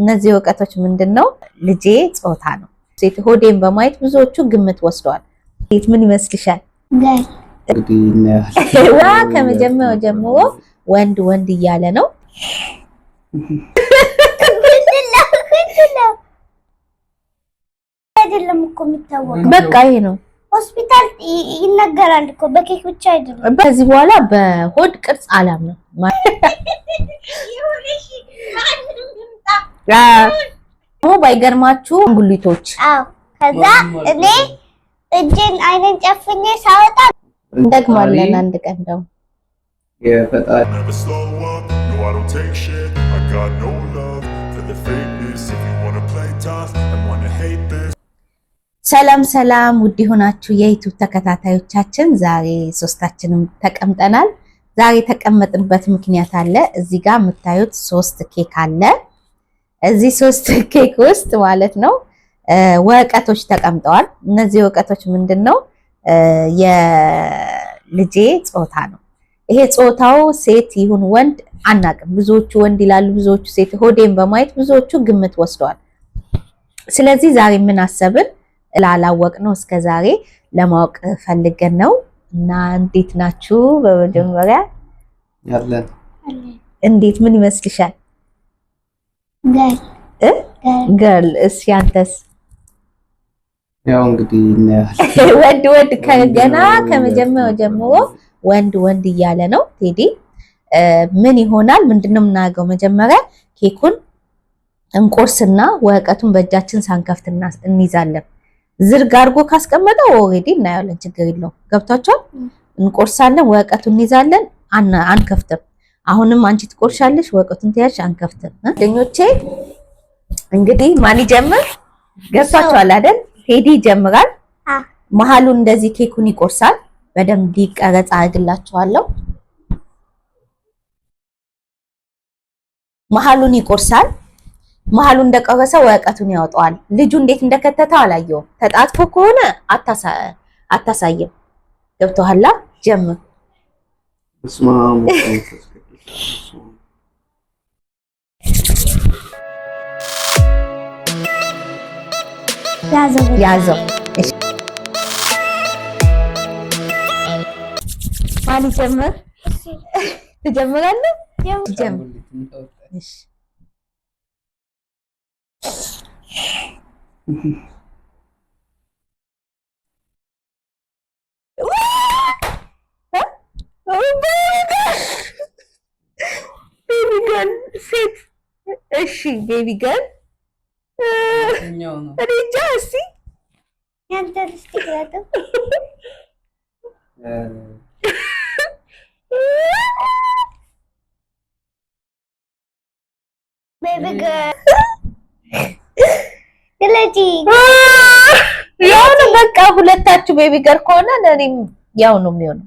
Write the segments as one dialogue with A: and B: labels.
A: እነዚህ እውቀቶች ምንድን ነው? ልጄ ጾታ ነው ሴት ሆዴን በማየት ብዙዎቹ ግምት ወስደዋል። ሴት ምን ይመስልሻል? ዋ ከመጀመሪያው ጀምሮ ወንድ ወንድ እያለ ነው።
B: አይደለም እኮ የሚታወቀው
A: በቃ ይሄ ነው።
B: ሆስፒታል ይነገራል እኮ በኬክ ብቻ
A: አይደለም። ከዚህ በኋላ በሆድ ቅርጽ አላምነው ባይገርማችሁ እንጉሊቶች።
B: ከዛ እኔ እጅን አይንን ጨፍኜ ሳወጣ
A: እንደግማለን አንድ ቀን ደግሞ um, ሰላም ሰላም፣ ውድ የሆናችሁ የዩቱብ ተከታታዮቻችን፣ ዛሬ ሶስታችንም ተቀምጠናል። ዛሬ የተቀመጥንበት ምክንያት አለ። እዚህ ጋር የምታዩት ሶስት ኬክ አለ። እዚህ ሶስት ኬክ ውስጥ ማለት ነው ወቀቶች ተቀምጠዋል። እነዚህ ወቀቶች ምንድን ነው? የልጄ ጾታ ነው። ይሄ ጾታው ሴት ይሁን ወንድ አናቅም። ብዙዎቹ ወንድ ይላሉ፣ ብዙዎቹ ሴት። ሆዴን በማየት ብዙዎቹ ግምት ወስደዋል። ስለዚህ ዛሬ ምን አሰብን ላላወቅ ነው እስከ ዛሬ ለማወቅ ፈልገን ነው። እና እንዴት ናችሁ? በመጀመሪያ እንዴት ምን ይመስልሻል? ገርል። እስ ያንተስ? ያው እንግዲህ ወንድ ወንድ ከገና ከመጀመሪያው ጀምሮ ወንድ ወንድ እያለ ነው ቴዲ። ምን ይሆናል? ምንድነው የምናደርገው? መጀመሪያ ኬኩን እንቆርስና ወረቀቱን በእጃችን ሳንከፍት እንይዛለን። ዝርግ አድርጎ ካስቀመጠው ኦልሬዲ እናየዋለን፣ ችግር የለውም። ገብቷቸዋል። እንቆርሳለን፣ ወረቀቱን እንይዛለን፣ አንከፍትም አሁንም አንቺ ትቆርሻለሽ፣ ወቀቱን ትያዥ፣ አንከፍትም። ጓደኞቼ እንግዲህ ማን ይጀምር? ገብቷቸዋል አይደል? ቴዲ ይጀምራል። መሀሉን እንደዚህ ኬኩን ይቆርሳል። በደንብ ይቀረጽ አድርግላችኋለሁ። መሀሉን ይቆርሳል። መሀሉ እንደቆረሰ ወረቀቱን ያወጣዋል። ልጁ እንዴት እንደከተተው አላየውም። ተጣጥፎ ከሆነ አታሳይም። ገብቶሃል? ጀምር ያዘው ያዘው ማን ይጀምር? ትጀምራለህ? ጀምር። ቤቢገል ሴት እሺ፣ ቤቢገል እኔ እንጃ። እስኪ
B: ያንተ ልስቲ ያለው
A: ቤቢገል ግለጪ። ያው ነው በቃ፣ ሁለታችሁ ቤቢገል ከሆነ ለእኔም ያው ነው የሚሆነው።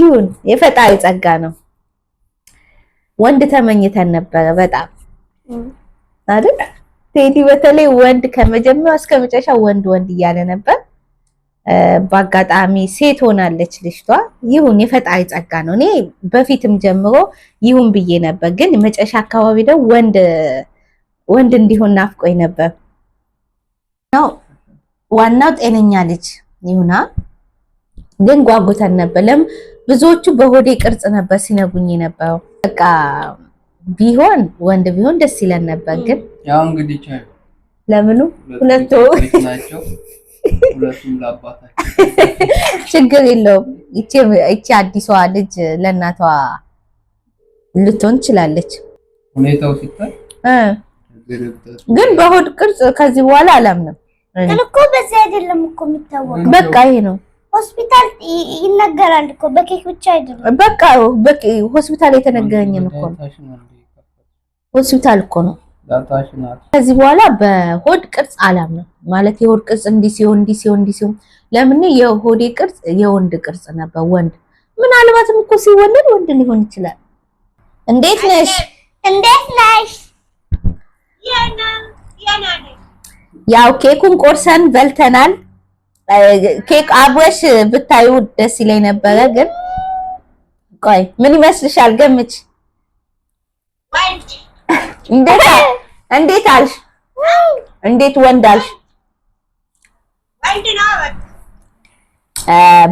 A: ይሁን የፈጣሪ ጸጋ ነው። ወንድ ተመኝተን ነበረ በጣም አይደል ቴዲ? በተለይ ወንድ ከመጀመሪያው እስከ መጨረሻው ወንድ ወንድ እያለ ነበር። በአጋጣሚ ሴት ሆናለች ልጅቷ። ይሁን የፈጣሪ ጸጋ ነው። እኔ በፊትም ጀምሮ ይሁን ብዬ ነበር፣ ግን መጨረሻ አካባቢ ደግሞ ወንድ ወንድ እንዲሆን ናፍቆኝ ነበር። ነው ዋናው ጤነኛ ልጅ ይሁና። ግን ጓጉተን ነበር። ለምን ብዙዎቹ በሆዴ ቅርጽ ነበር ሲነጉኝ ነበረው። በቃ ቢሆን ወንድ ቢሆን ደስ ይለን ነበር። ግን ያው እንግዲህ ለምኑ ሁለቱ ችግር የለውም። ይቺ አዲሷ ልጅ ለእናቷ ልትሆን ትችላለች።
C: ሁኔታው ሲታይ
A: ግን በሆድ ቅርጽ ከዚህ በኋላ አላምንም።
B: ግን እኮ በዚህ አይደለም እኮ የሚታወቀው።
A: በቃ ይሄ ነው
B: ሆስፒታል ይነገራል እኮ በኬክ ብቻ አይደለም።
A: በቃ በቂ ሆስፒታል የተነገረኝን እኮ ነው። ሆስፒታል እኮ ነው። ከዚህ በኋላ በሆድ ቅርጽ አላምንም ማለት የሆድ ቅርጽ እንዲህ ሲሆን እንዲህ ሲሆን እንዲህ ሲሆን፣ ለምን የሆዴ ቅርጽ የወንድ ቅርጽ ነበር። ወንድ ምናልባትም እኮ ሲወለድ ወንድ ሊሆን ይችላል። እንዴት ነሽ?
B: እንዴት ነሽ?
A: ያው ኬኩን ቆርሰን በልተናል። ኬክ አብረሽ ብታዩ ደስ ይለኝ ነበረ፣ ግን ቆይ ምን ይመስልሻል? ገምች። እንዴት አልሽ? እንዴት ወንድ አልሽ?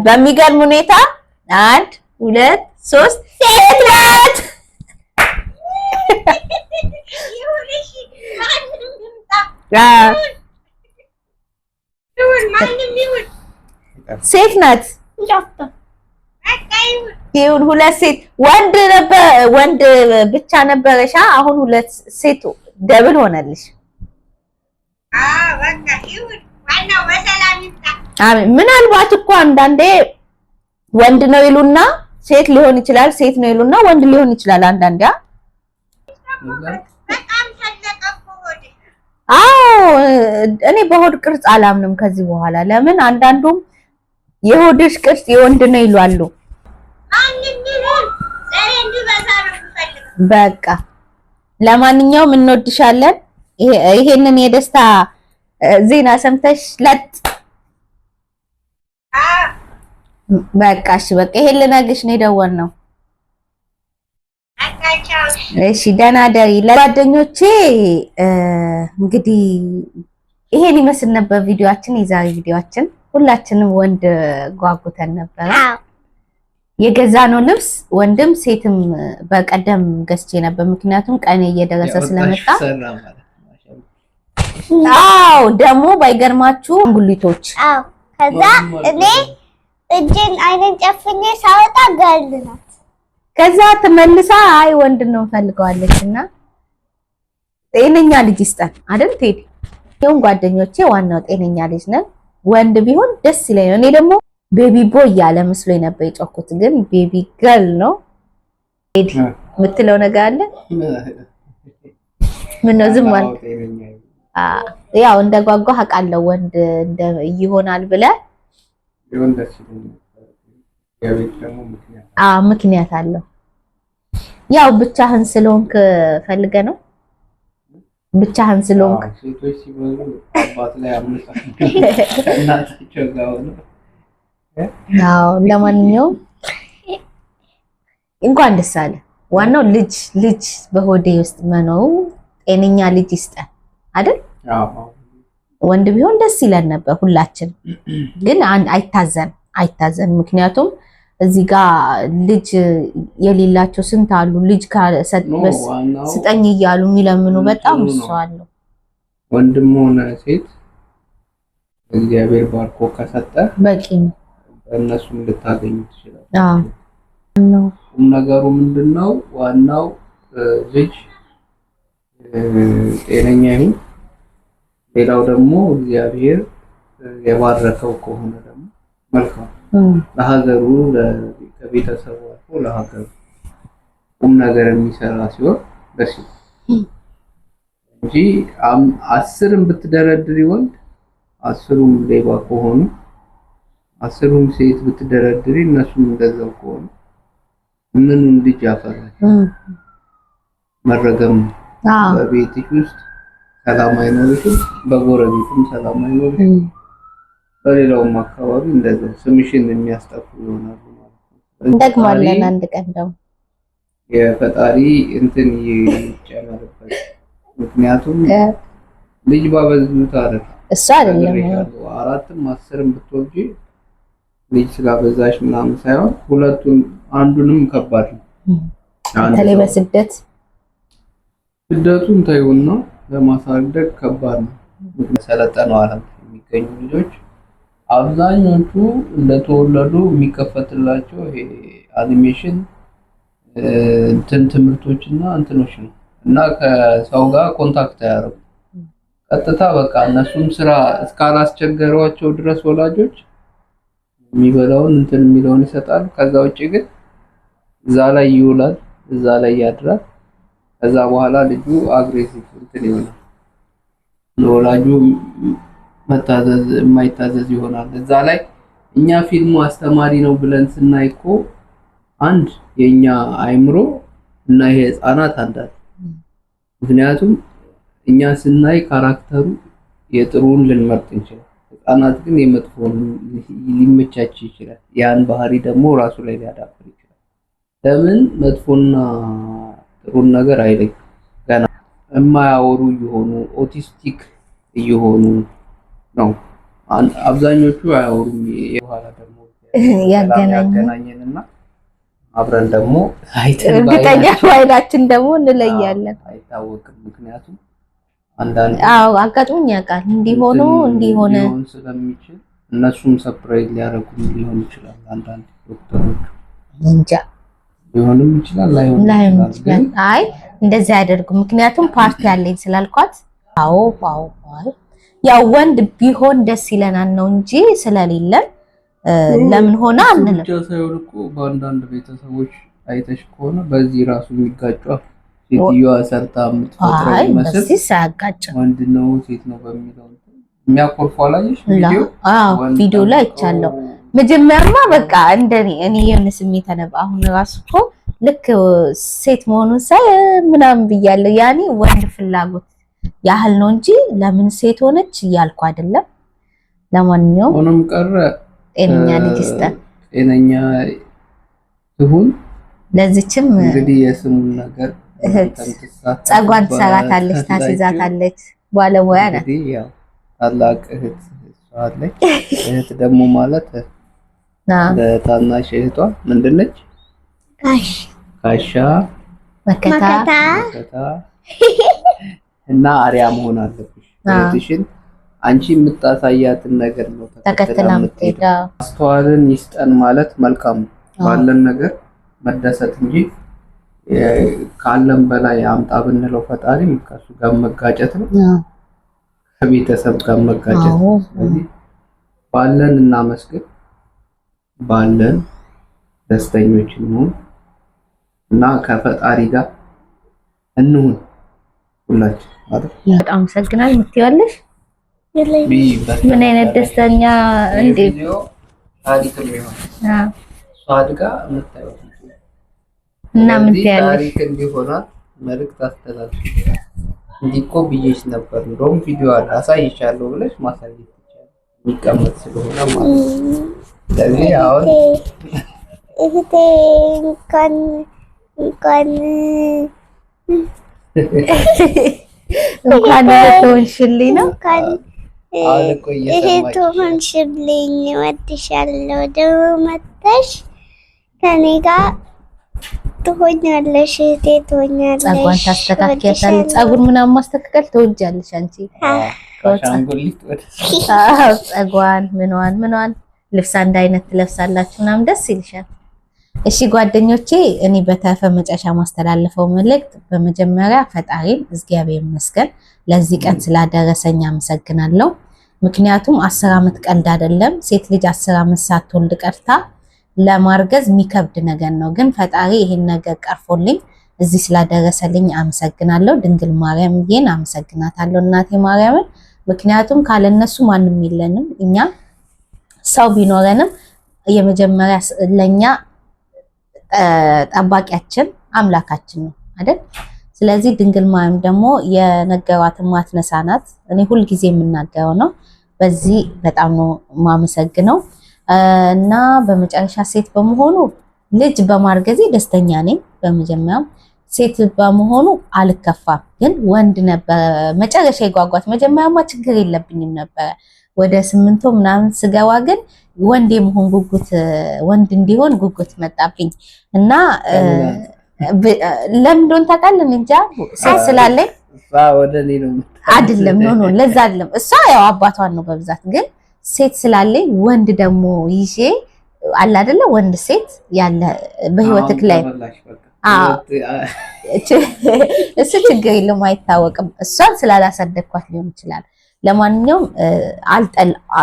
A: በሚገርም ሁኔታ አንድ ሁለት ሶስት ሴት ናት። ሴት ናት። ይሁን ሁለት ሴት ወንድ ነበር ወንድ ብቻ ነበረሻ። አሁን ሁለት ሴት ደብል ሆነልሽ። አሜን። ምናልባት እኮ አንዳንዴ ወንድ ነው ይሉና ሴት ሊሆን ይችላል፣ ሴት ነው ይሉና ወንድ ሊሆን ይችላል። አንዳንዴ አዎ፣ እኔ በሆድ ቅርጽ አላምንም ከዚህ በኋላ ለምን አንዳንዱም የሆድሽ ቅርጽ የወንድ ነው ይሏሉ። በቃ ለማንኛውም እንወድሻለን። ይሄንን የደስታ ዜና ሰምተሽ ለጥ በቃ እሺ፣ በቃ ይሄን ልነግርሽ ነው ነው። እሺ፣ ደህና ደሪ። ለጓደኞቼ እንግዲህ ይሄን ይመስል ነበር ቪዲዮአችን፣ የዛሬ ቪዲዮአችን ሁላችንም ወንድ ጓጉተን ነበረ። የገዛ ነው ልብስ ወንድም ሴትም በቀደም ገዝቼ ነበር፣ ምክንያቱም ቀኔ እየደረሰ ስለመጣ። አዎ ደግሞ ባይገርማችሁ እንጉሊቶች። አዎ
B: ከዛ እኔ እጄን አይነን ጨፍኜ ሳወጣ ጋልድ ናት።
A: ከዛ ትመልሳ አይ ወንድ ነው ፈልገዋለች እና ጤነኛ ልጅ ይስጠን አይደል ቴዲ? ይሁን ጓደኞቼ፣ ዋናው ጤነኛ ልጅ ነን። ወንድ ቢሆን ደስ ይለኝ ነው። እኔ ደግሞ ቤቢ ቦይ ያለ ምስሎ ነበር የጮኩት፣ ግን ቤቢ ገል ነው። ሄድ የምትለው ነገር አለ። ምን ነው ዝም ማለት ያው እንደ ጓጓ አውቃለሁ። ወንድ ይሆናል ብለህ ምክንያት አለው። ያው ብቻህን ስለሆንክ ፈልገህ ነው ብቻህን ስለሆንክ ለማንኛውም እንኳን ደስ አለ። ዋናው ልጅ ልጅ በሆዴ ውስጥ መኖሩ ጤነኛ ልጅ ይስጠን አይደል? ወንድ ቢሆን ደስ ይለን ነበር ሁላችን። ግን አይታዘን አይታዘን ምክንያቱም እዚህ ጋር ልጅ የሌላቸው ስንት አሉ። ልጅ ስጠኝ እያሉ የሚለምኑ በጣም እሱ አለ።
C: ወንድም ሆነ ሴት እግዚአብሔር ባርኮ ከሰጠ በቂ ነው። እነሱ እንድታገኙ ትችላል። ቁም ነገሩ ምንድነው? ዋናው ልጅ ጤነኛ ይሁን። ሌላው ደግሞ እግዚአብሔር የባረከው ከሆነ ደግሞ መልካም ለሀገሩ ከቤተሰቡ አልፎ ለሀገሩ ቁም ነገር የሚሰራ ሲሆን ደስ እንጂ አስርም ብትደረድሪ ወንድ አስሩም ሌባ ከሆኑ አስሩም ሴት ብትደረድሪ እነሱም እንደዛው ከሆኑ ምኑን ልጅ ያፈራል? መረገም በቤትሽ ውስጥ ሰላም አይኖርሽም፣ በጎረቤትም ሰላም አይኖርሽም። በሌላውም አካባቢ እንደዛው ስምሽን የሚያስጠፉ ይሆናሉ
A: ማለት ነው። እንደግማለን አንድ ቀን
C: የፈጣሪ እንትን ይጨመርበት። ምክንያቱም ልጅ ባበዙት አረፍ
A: እሱ አይደለም
C: አራትም አስርም ብትወልጂ ልጅ ስላበዛሽ ምናምን ሳይሆን ሁለቱን አንዱንም ከባድ ነው።
A: በተለይ በስደት
C: ስደቱን ተይውና ለማሳደግ ከባድ ነው። ሰለጠነው አለም የሚገኙ ልጆች አብዛኞቹ እንደተወለዱ የሚከፈትላቸው ይሄ አኒሜሽን እንትን ትምህርቶች እና እንትኖች ነው እና ከሰው ጋር ኮንታክት አያደርጉ ቀጥታ በቃ እነሱም ስራ እስካላስቸገሯቸው ድረስ ወላጆች የሚበላውን እንትን የሚለውን ይሰጣል። ከዛ ውጭ ግን እዛ ላይ ይውላል፣ እዛ ላይ ያድራል። ከዛ በኋላ ልጁ አግሬሲቭ እንትን ይሆናል ለወላጁ መታዘዝ የማይታዘዝ ይሆናል። እዛ ላይ እኛ ፊልሙ አስተማሪ ነው ብለን ስናይ እኮ አንድ የኛ አይምሮ እና ይሄ ህፃናት አንዳል ምክንያቱም እኛ ስናይ ካራክተሩ የጥሩን ልንመርጥ እንችላል። ህፃናት ግን የመጥፎን ሊመቻች ይችላል። ያን ባህሪ ደግሞ ራሱ ላይ ሊያዳብር ይችላል። ለምን መጥፎና ጥሩን ነገር አይለይ ገና የማያወሩ እየሆኑ ኦቲስቲክ እየሆኑ ነው። አብዛኞቹ አያወሩም። የኋላ
A: ደግሞ ያገናኘንና አብረን ደግሞ አይተን እርግጠኛ ባይላችን ደግሞ እንለያለን፣ አይታወቅም። ምክንያቱም አንዳንድ አዎ አጋጥሞኝ ያውቃል እንዲሆኑ እንዲሆነ ስለሚችል
C: እነሱም ሰፕራይዝ ሊያደርጉ ሊሆን ይችላል። አንዳንድ
A: ዶክተሮች እንጃ
C: ሊሆንም ይችላል
A: ላይሆን ይችላል። አይ እንደዚህ አያደርጉም። ምክንያቱም ፓርቲ አለኝ ስላልኳት አዎ አዎ አዎ ያው ወንድ ቢሆን ደስ ይለናል ነው እንጂ ስለሌለን ለምን ሆነ አንልም።
C: ብቻ ሳይሆን እኮ በአንዳንድ ቤተሰቦች አይተሽ ከሆነ በዚህ ራሱ የሚጋጩ ሴትዮዋ ሰርታ
A: የምትፈጥረው ይመስል
C: ወንድ ነው ሴት ነው በሚለው የሚያኮርፉ አላየሽ?
A: ቪዲዮ ላይ አይቻለሁ። መጀመሪያማ በቃ እንደኔ እኔ የሆነ ስሜት ተነባ አሁን ራሱ እኮ ልክ ሴት መሆኑን ሳይ ምናምን ብያለሁ። ያኔ ወንድ ፍላጎት ያህል ነው እንጂ ለምን ሴት ሆነች እያልኩ አይደለም። ለማንኛውም ሆኖም ቀረ ጤነኛ ልጅ ይስጠን፣
C: ጤነኛ ይሁን። ለዚችም እንግዲህ የስሙን ነገር
A: ጸጓን ትሰራታለች፣ ታስይዛታለች። ባለሙያ ናት።
C: ታላቅ እህት አለች። እህት ደግሞ ማለት ለታናሽ እህቷ ምንድን ነች? ካሻ
A: መከታ
C: እና አሪያ መሆን አለብሽ። ትሽን አንቺ የምታሳያትን ነገር ነው
A: ተከትላ የምትሄድ።
C: አስተዋልን ይስጠን ማለት መልካም ነው። ባለን ነገር መደሰት እንጂ ካለን በላይ አምጣ ብንለው ፈጣሪ ከሱ ጋር መጋጨት ነው፣ ከቤተሰብ ጋር መጋጨት ነው። ስለዚህ ባለን እናመስግን፣ ባለን ደስተኞች እንሁን እና ከፈጣሪ ጋር እንሁን። ሁላችሁ
A: በጣም አመሰግናል። ምትይዋለሽ ምን አይነት ደስተኛ እንዴ! እና ምን
C: ትያለሽ? መልዕክት አስተላልፍ ብዬሽ ነበር፣ እንደውም ቪዲዮ አለ አሳይሻለሁ ብለሽ ማሳየት ይቻላል የሚቀመጥ ስለሆነ ማለት ነው። ስለዚህ አሁን
B: እንኳን እንኳን
A: እንኳን ተሆንሽልኝ ነው
B: ይሄ ተሆንሽልኝ፣ ደግሞ መተሽ ከኔ ጋር ትሆኛለሽ፣ እህቴ ትሆኛለሽ።
A: ጸጉሯን ታስተካክያታለሽ። ጸጉር ምናምን ማስተካከል ትወጃለሽ አንቺ። ጸጉሯን ልብስ አንድ አይነት ትለብሳላችሁ ምናምን ደስ ይልሻል። እሺ ጓደኞቼ፣ እኔ በተረፈ መጨረሻ ማስተላለፈው መልእክት በመጀመሪያ ፈጣሪን እግዚአብሔር ይመስገን ለዚህ ቀን ስላደረሰኝ አመሰግናለሁ። ምክንያቱም አስር ዓመት ቀልድ አይደለም። ሴት ልጅ አስር ዓመት ሳትወልድ ቀርታ ለማርገዝ የሚከብድ ነገር ነው። ግን ፈጣሪ ይሄን ነገር ቀርፎልኝ እዚህ ስላደረሰልኝ አመሰግናለሁ። ድንግል ማርያም ይሄን አመሰግናታለሁ፣ እናቴ ማርያምን። ምክንያቱም ካለነሱ ማንም የለንም። እኛ ሰው ቢኖረንም የመጀመሪያ ለእኛ ጠባቂያችን አምላካችን ነው አይደል? ስለዚህ ድንግል ማርያም ደግሞ የነገሯትን ማትነሳ ናት። እኔ ሁልጊዜ የምናገረው ነው። በዚህ በጣም ነው ማመሰግነው እና በመጨረሻ ሴት በመሆኑ ልጅ በማርገዜ ደስተኛ ነኝ። በመጀመሪያም ሴት በመሆኑ አልከፋም። ግን ወንድ ነበረ መጨረሻ የጓጓት መጀመሪያማ ችግር የለብኝም ነበረ ወደ ስምንቶ ምናምን ስገባ ግን ወንድ የመሆን ጉጉት ወንድ እንዲሆን ጉጉት መጣብኝ እና ለምን እንደሆነ ታውቃለህ? እንጃ ሴት ስላለኝ አይደለም። ኖ ኖ ለዛ አይደለም። እሷ ያው አባቷን ነው በብዛት ግን ሴት ስላለኝ ወንድ ደግሞ ይዤ አለ አይደለ? ወንድ ሴት ያለ በህይወትክ ላይ እሱ ችግር የለውም አይታወቅም። እሷን ስላላሳደግኳት ሊሆን ይችላል። ለማንኛውም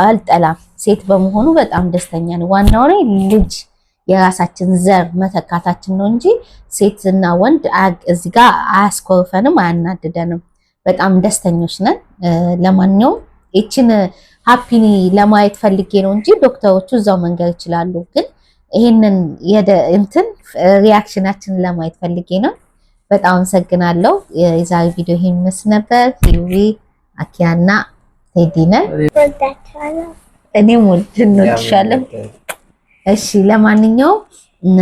A: አልጠላም። ሴት በመሆኑ በጣም ደስተኛ ነው። ዋናው ላይ ልጅ የራሳችን ዘር መተካታችን ነው እንጂ ሴትና ወንድ እዚህ ጋ አያስኮርፈንም፣ አያናድደንም። በጣም ደስተኞች ነን። ለማንኛውም ይችን ሀፒኒ ለማየት ፈልጌ ነው እንጂ ዶክተሮቹ እዛው መንገር ይችላሉ። ግን ይህንን እንትን ሪያክሽናችንን ለማየት ፈልጌ ነው። በጣም አመሰግናለሁ። የዛሬ ቪዲዮ ይህን ይመስል ነበር። አኪያና ቴዲነን እኔም ወልድ እንወድሻለን። እሺ፣ ለማንኛውም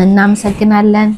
A: እናመሰግናለን።